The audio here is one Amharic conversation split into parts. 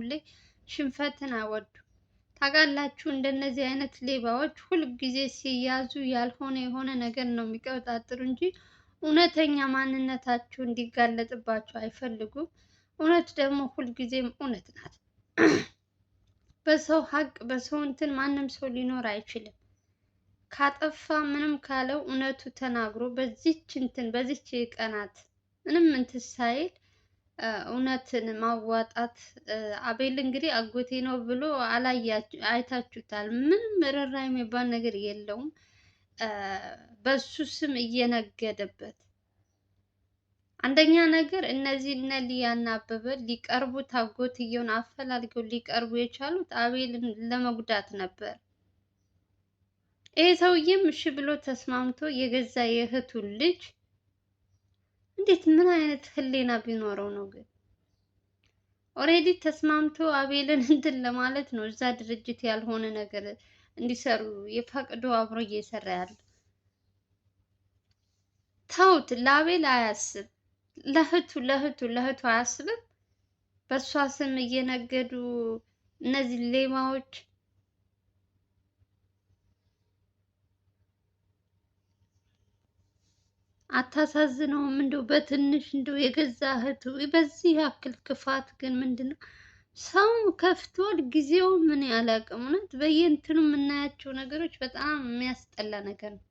ሁሌ ላይ ሽንፈትን አወዱ ታውቃላችሁ እንደነዚህ አይነት ሌባዎች ሁልጊዜ ሲያዙ ያልሆነ የሆነ ነገር ነው የሚቀጣጥሩ እንጂ እውነተኛ ማንነታቸው እንዲጋለጥባቸው አይፈልጉም። እውነት ደግሞ ሁልጊዜም እውነት ናት። በሰው ሀቅ በሰው እንትን ማንም ሰው ሊኖር አይችልም። ካጠፋ ምንም ካለው እውነቱ ተናግሮ በዚች እንትን በዚች ቀናት ምንም እንትን ሳይል እውነትን ማዋጣት። አቤል እንግዲህ አጎቴ ነው ብሎ አይታችሁታል። ምንም ርራ የሚባል ነገር የለውም። በሱ ስም እየነገደበት አንደኛ ነገር እነዚህ እነ ሊያና አበበ ሊቀርቡት አጎትየውን አፈላልገው ሊቀርቡ የቻሉት አቤልን ለመጉዳት ነበር። ይሄ ሰውዬም እሺ ብሎ ተስማምቶ የገዛ የእህቱን ልጅ እንዴት ምን አይነት ህሌና ቢኖረው ነው ግን? ኦሬዲ ተስማምቶ አቤልን እንትን ለማለት ነው እዛ ድርጅት ያልሆነ ነገር እንዲሰሩ የፈቅዶ አብሮ እየሰራ ያለ ተውት። ለአቤል አያስብ፣ ለህቱ ለህቱ ለህቱ አያስብም። በእሷ ስም እየነገዱ እነዚህ ሌማዎች አታሳዝነውም? እንደው በትንሽ እንደው የገዛ እህቱ በዚህ ያክል ክፋት ግን ምንድን ነው? ሰው ከፍቷል። ጊዜው ምን ያላቅም። እውነት በየእንትኑ የምናያቸው ነገሮች በጣም የሚያስጠላ ነገር ነው።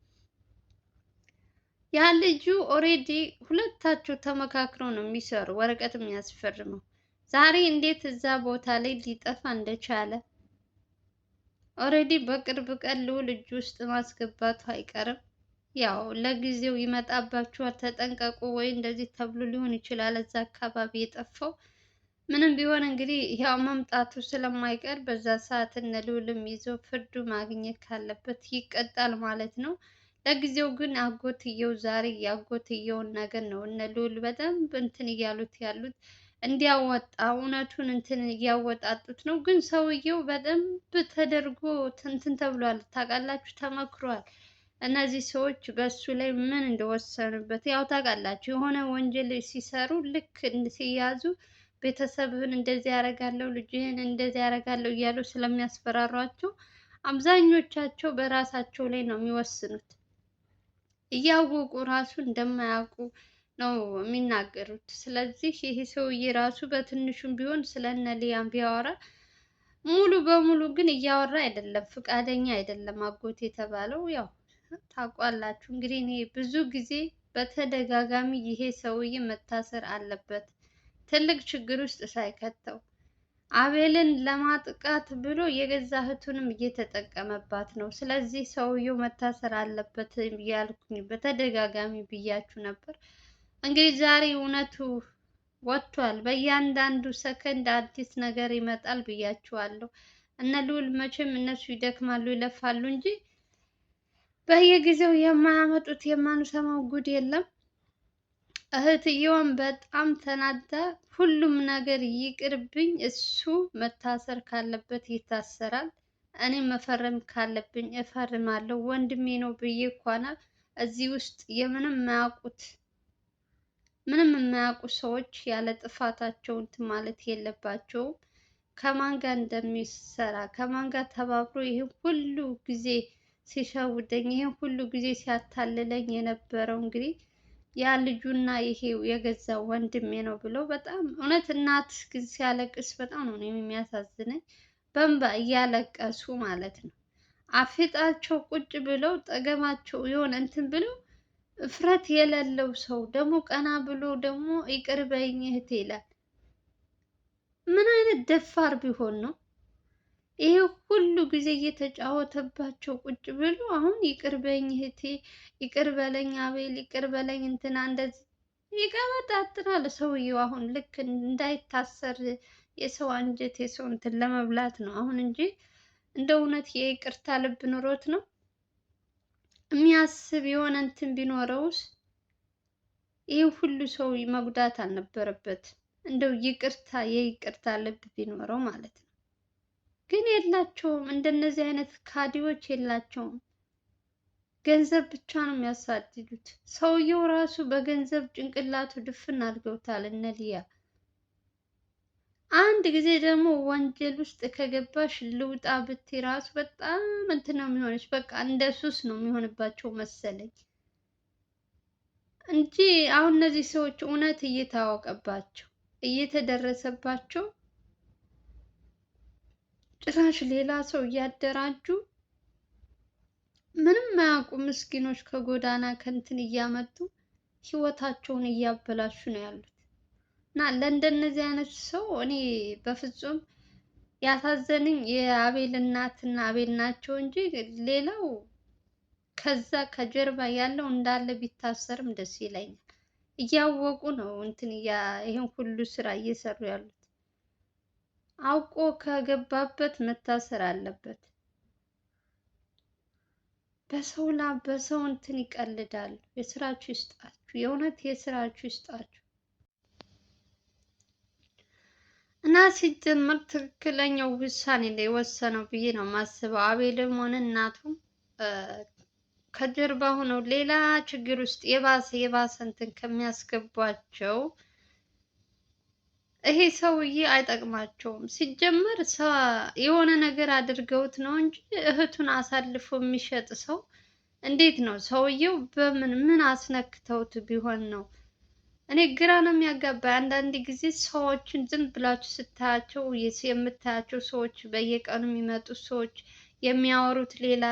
ያ ልጁ ኦሬዲ ሁለታቸው ተመካክረው ነው የሚሰሩ። ወረቀት የሚያስፈርመው ዛሬ እንዴት እዛ ቦታ ላይ ሊጠፋ እንደቻለ ኦሬዲ በቅርብ ቀን ልዑል እጁ ውስጥ ማስገባቱ አይቀርም። ያው ለጊዜው ይመጣባችኋል ተጠንቀቁ፣ ወይ እንደዚህ ተብሎ ሊሆን ይችላል እዛ አካባቢ የጠፋው። ምንም ቢሆን እንግዲህ ያው መምጣቱ ስለማይቀር በዛ ሰዓት እነ ልዑልም ይዞ ፍርዱ ማግኘት ካለበት ይቀጣል ማለት ነው። ለጊዜው ግን አጎትየው ዛሬ የአጎትየውን ነገር ነው እነ ልዑል በደንብ እንትን እያሉት ያሉት እንዲያወጣ እውነቱን እንትን እያወጣጡት ነው። ግን ሰውየው በደንብ ተደርጎ እንትን ተብሏል፣ ታውቃላችሁ፣ ተመክሯል። እነዚህ ሰዎች በሱ ላይ ምን እንደወሰኑበት ያው ታውቃላችሁ። የሆነ ወንጀል ሲሰሩ ልክ ሲያዙ ቤተሰብህን እንደዚህ ያደርጋለሁ፣ ልጅህን እንደዚህ ያደርጋለሁ እያሉ ስለሚያስፈራሯቸው አብዛኞቻቸው በራሳቸው ላይ ነው የሚወስኑት። እያወቁ ራሱ እንደማያውቁ ነው የሚናገሩት። ስለዚህ ይህ ሰውዬ ራሱ በትንሹም ቢሆን ስለነ ሊያም ቢያወራ ሙሉ በሙሉ ግን እያወራ አይደለም፣ ፈቃደኛ አይደለም አጎት የተባለው ያው ታውቋላችሁ። እንግዲህ እኔ ብዙ ጊዜ በተደጋጋሚ ይሄ ሰውዬ መታሰር አለበት ትልቅ ችግር ውስጥ ሳይከተው አቤልን ለማጥቃት ብሎ የገዛ እህቱንም እየተጠቀመባት ነው። ስለዚህ ሰውየው መታሰር አለበት እያልኩኝ በተደጋጋሚ ብያችሁ ነበር። እንግዲህ ዛሬ እውነቱ ወጥቷል። በእያንዳንዱ ሰከንድ አዲስ ነገር ይመጣል ብያችኋለሁ። እነ ልዑል መቼም እነሱ ይደክማሉ ይለፋሉ እንጂ በየጊዜው የማያመጡት የማንሰማው ጉድ የለም። እህትየዋን በጣም ተናዳ ሁሉም ነገር ይቅርብኝ፣ እሱ መታሰር ካለበት ይታሰራል፣ እኔ መፈረም ካለብኝ እፈርማለሁ፣ ወንድሜ ነው ብዬ እንኳን እዚህ ውስጥ የምንም ማያውቁት ምንም የማያውቁ ሰዎች ያለ ጥፋታቸው እንትን ማለት የለባቸውም። ከማን ጋር እንደሚሰራ ከማን ጋር ተባብሮ ይህን ሁሉ ጊዜ ሲሸውደኝ ይህን ሁሉ ጊዜ ሲያታልለኝ የነበረው እንግዲህ ያ ልጁና ይሄ የገዛ ወንድሜ ነው ብሎ በጣም እውነት እናት ሲያለቅስ በጣም ነው የሚያሳዝነኝ። በእንባ እያለቀሱ ማለት ነው አፍጣቸው ቁጭ ብለው ጠገባቸው የሆነ እንትን ብለው እፍረት የሌለው ሰው ደግሞ ቀና ብሎ ደግሞ ይቅር በይኝ እህቴ ይላል። ምን አይነት ደፋር ቢሆን ነው? ይህ ሁሉ ጊዜ እየተጫወተባቸው ቁጭ ብሎ አሁን ይቅር በኝ እህቴ፣ ይቅር በለኝ አቤል፣ ይቅር በለኝ እንትና እንደዚህ ይቀበጣጥራል ሰውየው። አሁን ልክ እንዳይታሰር የሰው አንጀት የሰው እንትን ለመብላት ነው አሁን እንጂ እንደ እውነት የይቅርታ ልብ ኑሮት ነው የሚያስብ የሆነ እንትን ቢኖረውስ ይህ ሁሉ ሰው መጉዳት አልነበረበት። እንደው ይቅርታ የይቅርታ ልብ ቢኖረው ማለት ነው። ግን የላቸውም። እንደነዚህ አይነት ካዲዎች የላቸውም። ገንዘብ ብቻ ነው የሚያሳድዱት። ሰውየው ራሱ በገንዘብ ጭንቅላቱ ድፍን አድርገውታል እነ ሊያ። አንድ ጊዜ ደግሞ ወንጀል ውስጥ ከገባሽ ልውጣ ብትይ ራሱ በጣም እንትን ነው የሚሆነች። በቃ እንደ ሱስ ነው የሚሆንባቸው መሰለኝ እንጂ አሁን እነዚህ ሰዎች እውነት እየታወቀባቸው እየተደረሰባቸው ጭራሽ ሌላ ሰው እያደራጁ ምንም ማያውቁ ምስኪኖች ከጎዳና ከንትን እያመጡ ህይወታቸውን እያበላሹ ነው ያሉት። እና ለእንደነዚህ አይነት ሰው እኔ በፍጹም ያሳዘንኝ የአቤል እናትና አቤል ናቸው እንጂ ሌላው ከዛ ከጀርባ ያለው እንዳለ ቢታሰርም ደስ ይለኛል። እያወቁ ነው እንትን ይሄን ሁሉ ስራ እየሰሩ ያሉት። አውቆ ከገባበት መታሰር አለበት። በሰው ላብ በሰው እንትን ይቀልዳል የስራችሁ ይስጣችሁ፣ የእውነት የስራችሁ ይስጣችሁ። እና ሲጀምር ትክክለኛው ውሳኔ ላይ የወሰነው ብዬ ነው ማስበው። አቤልም ሆነ እናቱም ከጀርባ ሆነው ሌላ ችግር ውስጥ የባሰ የባሰ እንትን ከሚያስገቧቸው ይሄ ሰውዬ አይጠቅማቸውም። ሲጀመር የሆነ ነገር አድርገውት ነው እንጂ እህቱን አሳልፎ የሚሸጥ ሰው እንዴት ነው? ሰውየው በምን ምን አስነክተውት ቢሆን ነው? እኔ ግራ ነው የሚያጋባ። አንዳንድ ጊዜ ሰዎችን ዝም ብላችሁ ስታያቸው የምታያቸው ሰዎች በየቀኑ የሚመጡ ሰዎች የሚያወሩት ሌላ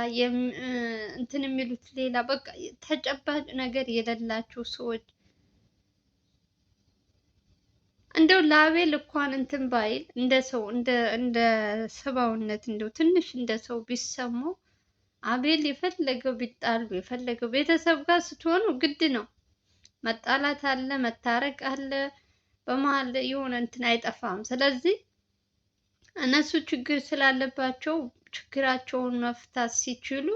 እንትን የሚሉት ሌላ፣ በቃ ተጨባጭ ነገር የሌላቸው ሰዎች እንደው ለአቤል እንኳን እንትን ባይል እንደ ሰው እንደ ሰብአዊነት እንደው ትንሽ እንደ ሰው ቢሰማው አቤል የፈለገው ቢጣሉ የፈለገው ቤተሰብ ጋር ስትሆኑ ግድ ነው። መጣላት አለ፣ መታረቅ አለ። በመሀል የሆነ እንትን አይጠፋም። ስለዚህ እነሱ ችግር ስላለባቸው ችግራቸውን መፍታት ሲችሉ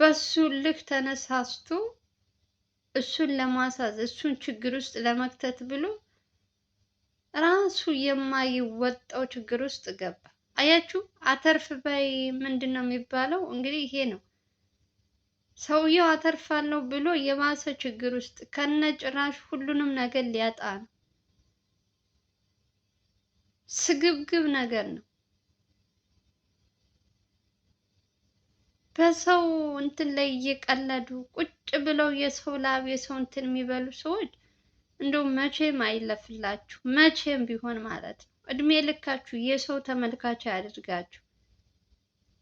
በሱ ልክ ተነሳስቶ እሱን ለማሳዝ እሱን ችግር ውስጥ ለመክተት ብሎ ራሱ የማይወጣው ችግር ውስጥ ገባ። አያችሁ፣ አተርፍ ባይ ምንድን ነው የሚባለው? እንግዲህ ይሄ ነው። ሰውየው አተርፋለሁ ብሎ የባሰ ችግር ውስጥ ከነ ጭራሽ ሁሉንም ነገር ሊያጣ ነው። ስግብግብ ነገር ነው። በሰው እንትን ላይ እየቀለዱ ቁጭ ብለው የሰው ላብ የሰው እንትን የሚበሉ ሰዎች እንደው መቼም አይለፍላችሁ፣ መቼም ቢሆን ማለት ነው። እድሜ ልካችሁ የሰው ተመልካች አያደርጋችሁ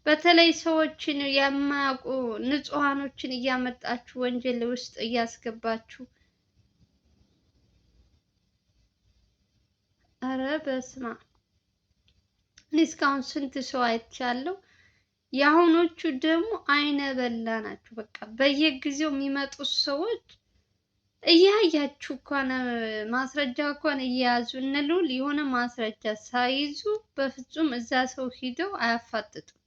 በተለይ ሰዎችን የማያውቁ ንጹሐኖችን እያመጣችሁ ወንጀል ውስጥ እያስገባችሁ አረ በስመ አብ! እኔ እስካሁን ስንት ሰው አይቻለሁ። የአሁኖቹ ደግሞ አይነ በላ ናቸው። በቃ በየጊዜው የሚመጡት ሰዎች እያያችሁ እንኳን ማስረጃ እንኳን እየያዙ እነ ልዑል የሆነ ማስረጃ ሳይዙ በፍጹም እዛ ሰው ሂደው አያፋጥጡም።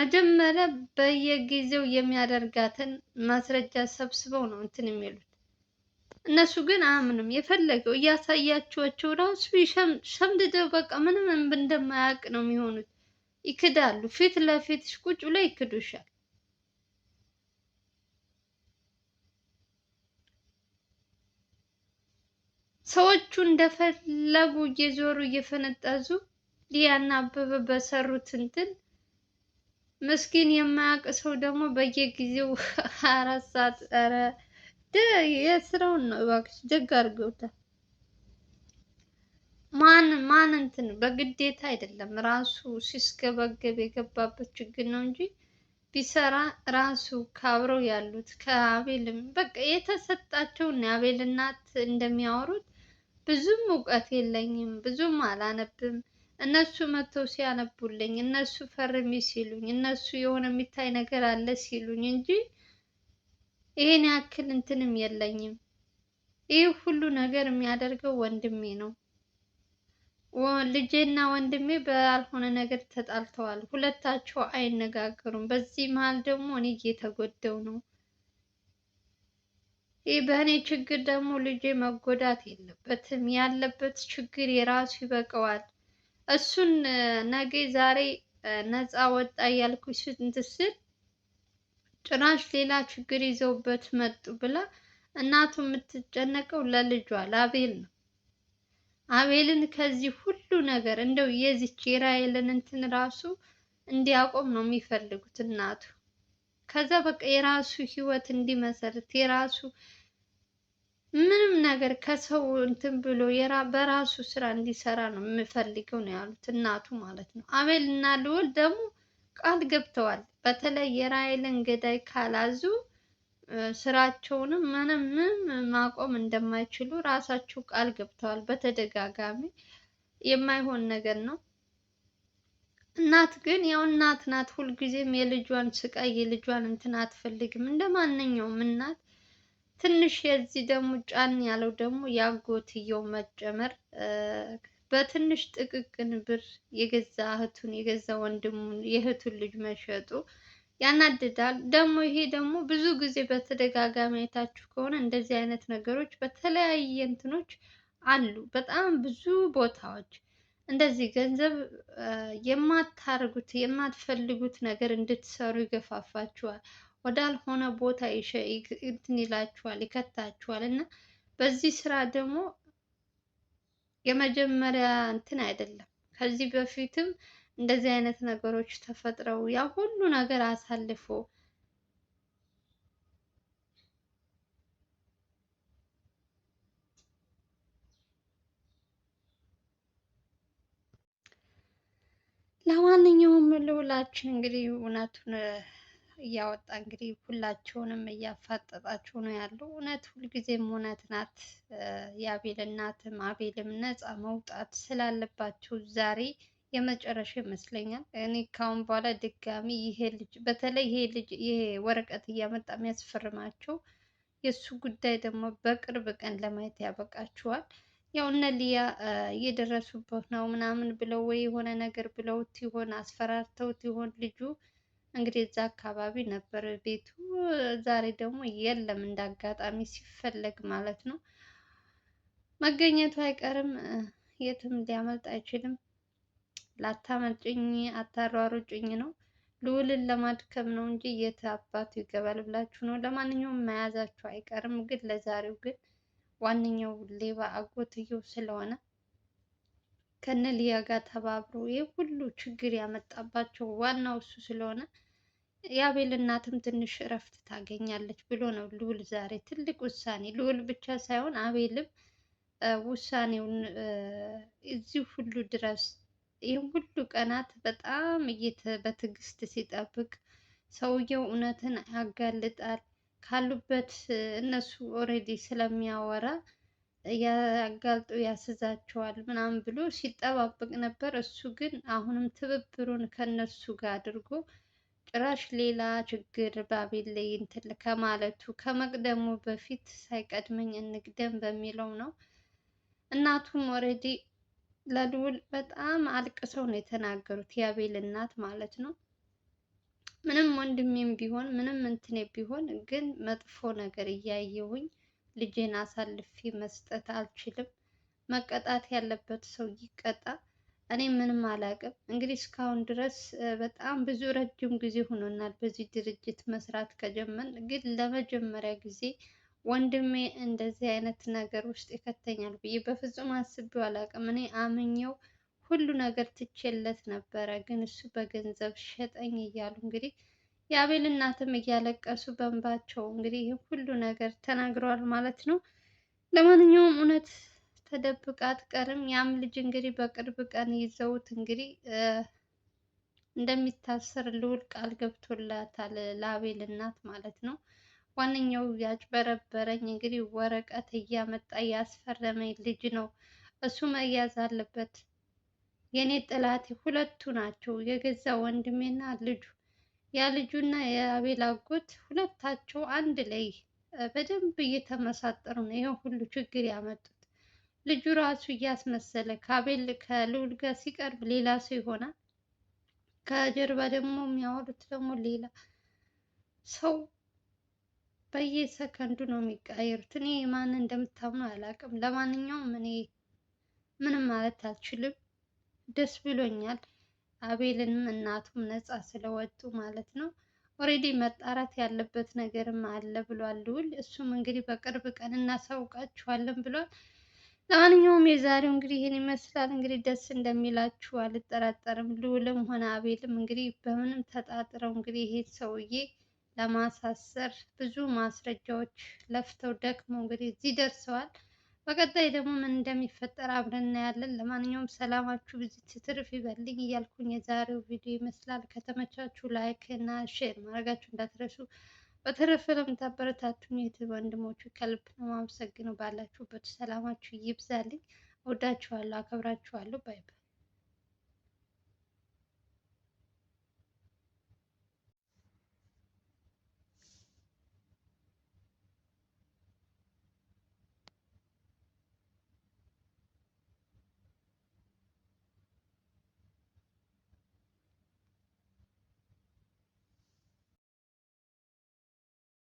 መጀመሪያ በየጊዜው የሚያደርጋትን ማስረጃ ሰብስበው ነው እንትን የሚሉት። እነሱ ግን አያምንም። የፈለገው እያሳያችኋቸው ራሱ ሸምድደው በቃ ምንም እንደማያውቅ ነው የሚሆኑት። ይክዳሉ። ፊት ለፊት ቁጭ ብለው ይክዱሻል። ሰዎቹ እንደፈለጉ እየዞሩ እየፈነጠዙ ሊያና አበበ በሰሩት እንትን ምስኪን የማያውቅ ሰው ደግሞ በየጊዜው አራት ሰዓት ኧረ የስራውን ነው እባክሽ፣ ደግ አድርገውታል። ማን ማን እንትን በግዴታ አይደለም ራሱ ሲስገበገብ የገባበት ችግር ነው እንጂ ቢሰራ ራሱ ካብረው ያሉት ከአቤልም በቃ የተሰጣቸውን የአቤል እናት እንደሚያወሩት ብዙም እውቀት የለኝም፣ ብዙም አላነብም። እነሱ መጥተው ሲያነቡልኝ፣ እነሱ ፈርሚ ሲሉኝ፣ እነሱ የሆነ የሚታይ ነገር አለ ሲሉኝ እንጂ ይሄን ያክል እንትንም የለኝም። ይህ ሁሉ ነገር የሚያደርገው ወንድሜ ነው። ልጄና ወንድሜ ባልሆነ ነገር ተጣልተዋል። ሁለታቸው አይነጋገሩም። በዚህ መሀል ደግሞ እኔ እየተጎዳው ነው። ይህ በእኔ ችግር ደግሞ ልጄ መጎዳት የለበትም። ያለበት ችግር የራሱ ይበቀዋል። እሱን ነገ ዛሬ ነፃ ወጣ እያልኩ ስንት ስል ጭራሽ ሌላ ችግር ይዘውበት መጡ ብላ እናቱ የምትጨነቀው ለልጇ ለአቤል ነው። አቤልን ከዚህ ሁሉ ነገር እንደው የዚች የራሔልን እንትን ራሱ እንዲያቆም ነው የሚፈልጉት እናቱ ከዛ በቃ የራሱ ህይወት እንዲመሰርት የራሱ ምንም ነገር ከሰው እንትን ብሎ በራሱ ስራ እንዲሰራ ነው የምፈልገው ነው ያሉት እናቱ ማለት ነው። አቤል እና ልዑል ደግሞ ቃል ገብተዋል። በተለይ የራይልን ገዳይ ካላዙ ስራቸውንም ምንም ማቆም እንደማይችሉ ራሳቸው ቃል ገብተዋል። በተደጋጋሚ የማይሆን ነገር ነው። እናት ግን ያው እናት ናት። ሁልጊዜም የልጇን ስቃይ የልጇን እንትን አትፈልግም። እንደ ማንኛውም እናት ትንሽ የዚህ ደግሞ ጫን ያለው ደግሞ የአጎትየው መጨመር በትንሽ ጥቅቅን ብር የገዛ እህቱን የገዛ ወንድሙን የእህቱን ልጅ መሸጡ ያናድዳል። ደግሞ ይሄ ደግሞ ብዙ ጊዜ በተደጋጋሚ አይታችሁ ከሆነ እንደዚህ አይነት ነገሮች በተለያየ እንትኖች አሉ በጣም ብዙ ቦታዎች እንደዚህ ገንዘብ የማታርጉት የማትፈልጉት ነገር እንድትሰሩ ይገፋፋችኋል። ወዳልሆነ ቦታ እንትን ይላችኋል፣ ይከታችኋል። እና በዚህ ስራ ደግሞ የመጀመሪያ እንትን አይደለም። ከዚህ በፊትም እንደዚህ አይነት ነገሮች ተፈጥረው ያ ሁሉ ነገር አሳልፎ ለማንኛውም ልውላችን እንግዲህ እውነቱን እያወጣ እንግዲህ ሁላቸውንም እያፋጠጣቸው ነው ያለው። እውነት ሁልጊዜም እውነት ናት። የአቤል እናትም አቤልም ነፃ መውጣት ስላለባቸው ዛሬ የመጨረሻ ይመስለኛል። እኔ ካሁን በኋላ ድጋሚ ይሄ ልጅ በተለይ ይሄ ልጅ ይሄ ወረቀት እያመጣ የሚያስፈርማቸው የእሱ ጉዳይ ደግሞ በቅርብ ቀን ለማየት ያበቃችኋል። ያው እነ ሊያ እየደረሱበት ነው ምናምን ብለው ወይ የሆነ ነገር ብለውት ይሆን አስፈራርተውት ይሆን ልጁ እንግዲህ እዛ አካባቢ ነበር ቤቱ። ዛሬ ደግሞ የለም እንዳጋጣሚ ሲፈለግ ማለት ነው መገኘቱ አይቀርም። የትም ሊያመልጥ አይችልም። ላታመልጭኝ አታሯሩጭኝ ነው ልውልን ለማድከም ነው እንጂ የት አባቱ ይገባል ብላችሁ ነው። ለማንኛውም መያዛችሁ አይቀርም ግን ለዛሬው ግን ዋነኛው ሌባ አጎትየው ስለሆነ ከነ ሊያ ጋር ተባብሮ ይህ ሁሉ ችግር ያመጣባቸው ዋናው እሱ ስለሆነ የአቤል እናትም ትንሽ እረፍት ታገኛለች ብሎ ነው ልዑል ዛሬ ትልቅ ውሳኔ ልዑል ብቻ ሳይሆን አቤልም ውሳኔውን እዚህ ሁሉ ድረስ ይህም ሁሉ ቀናት በጣም በትዕግስት ሲጠብቅ ሰውየው እውነትን ያጋልጣል። ካሉበት እነሱ ኦልሬዲ ስለሚያወራ ያጋልጡ ያስዛቸዋል ምናምን ብሎ ሲጠባበቅ ነበር። እሱ ግን አሁንም ትብብሩን ከነሱ ጋር አድርጎ ጭራሽ ሌላ ችግር ባቤል ላይ እንትን ከማለቱ ከመቅደሙ በፊት ሳይቀድመኝ እንቅደም በሚለው ነው። እናቱም ኦልሬዲ ለልውል በጣም አልቅሰው ነው የተናገሩት፣ የአቤል እናት ማለት ነው። ምንም ወንድሜም ቢሆን ምንም እንትኔ ቢሆን ግን መጥፎ ነገር እያየውኝ ልጄን አሳልፌ መስጠት አልችልም። መቀጣት ያለበት ሰው ይቀጣ። እኔ ምንም አላቅም። እንግዲህ እስካሁን ድረስ በጣም ብዙ ረጅም ጊዜ ሆኖናል በዚህ ድርጅት መስራት ከጀመርን። ግን ለመጀመሪያ ጊዜ ወንድሜ እንደዚህ አይነት ነገር ውስጥ ይከተኛል ብዬ በፍጹም አስቤው አላቅም። እኔ አምኜው ሁሉ ነገር ትቼለት ነበረ። ግን እሱ በገንዘብ ሸጠኝ እያሉ እንግዲህ የአቤል እናትም እያለቀሱ በእንባቸው እንግዲህ ይህ ሁሉ ነገር ተናግረዋል ማለት ነው። ለማንኛውም እውነት ተደብቃ አትቀርም። ያም ልጅ እንግዲህ በቅርብ ቀን ይዘውት እንግዲህ እንደሚታሰር ልውል ቃል ገብቶላታል ለአቤል እናት ማለት ነው። ዋነኛው ያጭበረበረኝ እንግዲህ ወረቀት እያመጣ ያስፈረመኝ ልጅ ነው፣ እሱ መያዝ አለበት የኔ ጥላቴ ሁለቱ ናቸው፣ የገዛ ወንድሜና ልጁ። ያ ልጁና የአቤል አጎት ሁለታቸው አንድ ላይ በደንብ እየተመሳጠሩ ነው ይሄን ሁሉ ችግር ያመጡት። ልጁ ራሱ እያስመሰለ ከአቤል ከልዑል ጋር ሲቀርብ ሌላ ሰው ይሆናል። ከጀርባ ደግሞ የሚያወሩት ደግሞ ሌላ ሰው። በየሰከንዱ ነው የሚቀያየሩት። እኔ ማንን እንደምታምኑ አላውቅም። ለማንኛውም እኔ ምንም ማለት አልችልም። ደስ ብሎኛል። አቤልንም እናቱም ነፃ ስለወጡ ማለት ነው። ኦሬዲ መጣራት ያለበት ነገርም አለ ብሏል ልዑል። እሱም እንግዲህ በቅርብ ቀን እናሳውቃችኋለን ብሏል። ለማንኛውም የዛሬው እንግዲህ ይህን ይመስላል። እንግዲህ ደስ እንደሚላችሁ አልጠራጠርም። ልዑልም ሆነ አቤልም እንግዲህ በምንም ተጣጥረው እንግዲህ ይሄ ሰውዬ ለማሳሰር ብዙ ማስረጃዎች ለፍተው ደክመው እንግዲህ እዚህ ደርሰዋል። በቀጣይ ደግሞ ምን እንደሚፈጠር አብረን እናያለን። ለማንኛውም ሰላማችሁ ብዙ ትርፍ ይበልኝ እያልኩኝ የዛሬው ቪዲዮ ይመስላል። ከተመቻችሁ ላይክ እና ሼር ማድረጋችሁ እንዳትረሱ። በተረፈ ለምታበረታቱኝ እህት ወንድሞቹ ከልብ ነው የማመሰግነው። ባላችሁበት ሰላማችሁ ይብዛልኝ። እወዳችኋለሁ፣ አከብራችኋለሁ። ባይ ባይ።